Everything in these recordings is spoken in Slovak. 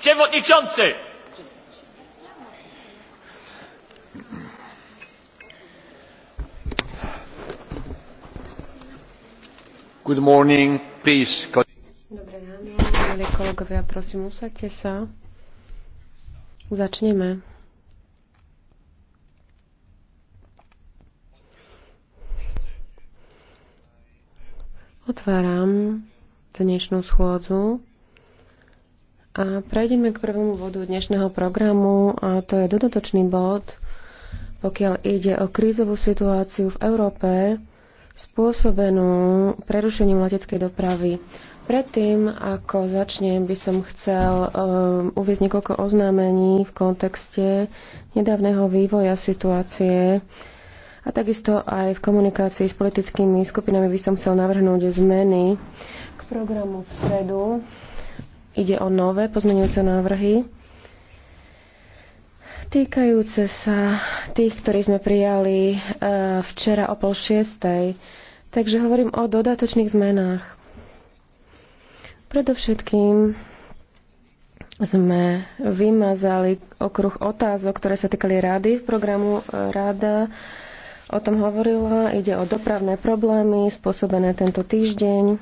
Przewodniczący! Good morning, please. Dobré ráno, milí kolegovia, prosím, usadte sa. Začneme. Otváram dnešnú schôdzu. A prejdeme k prvému bodu dnešného programu a to je dodatočný bod, pokiaľ ide o krízovú situáciu v Európe spôsobenú prerušením leteckej dopravy. Predtým, ako začnem, by som chcel um, uvieť niekoľko oznámení v kontexte nedávneho vývoja situácie a takisto aj v komunikácii s politickými skupinami by som chcel navrhnúť zmeny k programu v stredu Ide o nové pozmenujúce návrhy týkajúce sa tých, ktorí sme prijali e, včera o pol šiestej. Takže hovorím o dodatočných zmenách. Predovšetkým sme vymazali okruh otázok, ktoré sa týkali rady z programu e, Rada. O tom hovorila, ide o dopravné problémy spôsobené tento týždeň.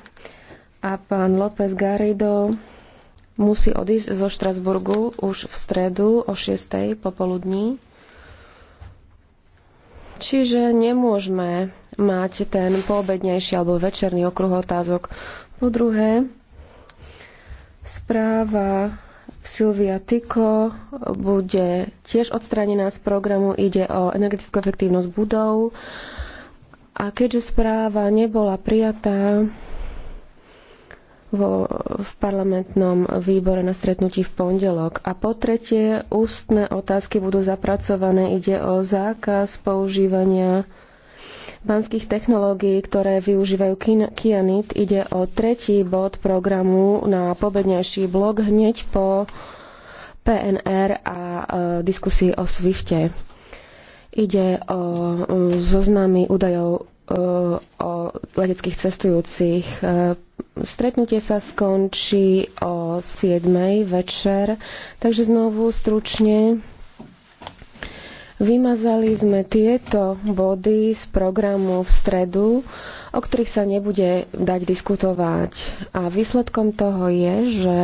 A pán López Garrido musí odísť zo Štrasburgu už v stredu o 6. popoludní. Čiže nemôžeme mať ten poobednejší alebo večerný okruh otázok. Po druhé, správa Silvia Tyko bude tiež odstranená z programu. Ide o energetickú efektívnosť budov. A keďže správa nebola prijatá, vo, v parlamentnom výbore na stretnutí v pondelok. A po tretie, ústne otázky budú zapracované. Ide o zákaz používania banských technológií, ktoré využívajú kianit. Ide o tretí bod programu na pobednejší blok hneď po PNR a e, diskusii o Swifte. Ide o e, zoznamy údajov e, o leteckých cestujúcich e, stretnutie sa skončí o 7. večer, takže znovu stručne vymazali sme tieto body z programu v stredu, o ktorých sa nebude dať diskutovať. A výsledkom toho je, že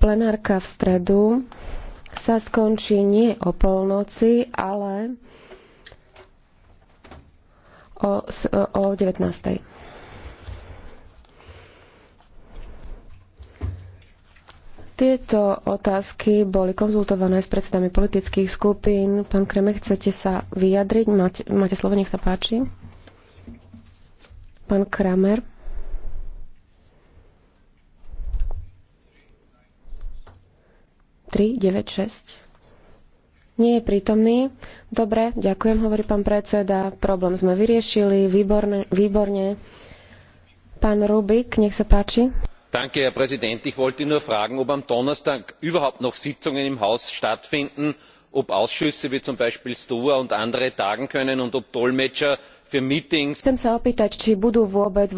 plenárka v stredu sa skončí nie o polnoci, ale o, o 19. Tieto otázky boli konzultované s predsedami politických skupín. Pán Kreme, chcete sa vyjadriť? Máte, máte slovo, nech sa páči. Pán Kramer. Tri, deväť, šesť. Nie je prítomný. Dobre, ďakujem, hovorí pán predseda. Problém sme vyriešili. Výborne. výborne. Pán Rubik, nech sa páči herr präsident! ich wollte nur fragen ob am donnerstag überhaupt noch sitzungen im haus stattfinden ob ausschüsse wie zum beispiel stoa und andere tagen können und ob dolmetscher für meetings. chcem sa opýtať či budú vôbec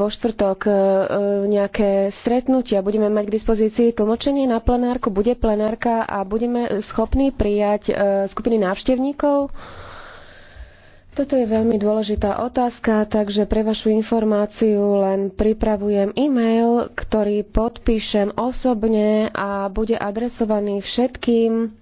toto je veľmi dôležitá otázka, takže pre vašu informáciu len pripravujem e-mail, ktorý podpíšem osobne a bude adresovaný všetkým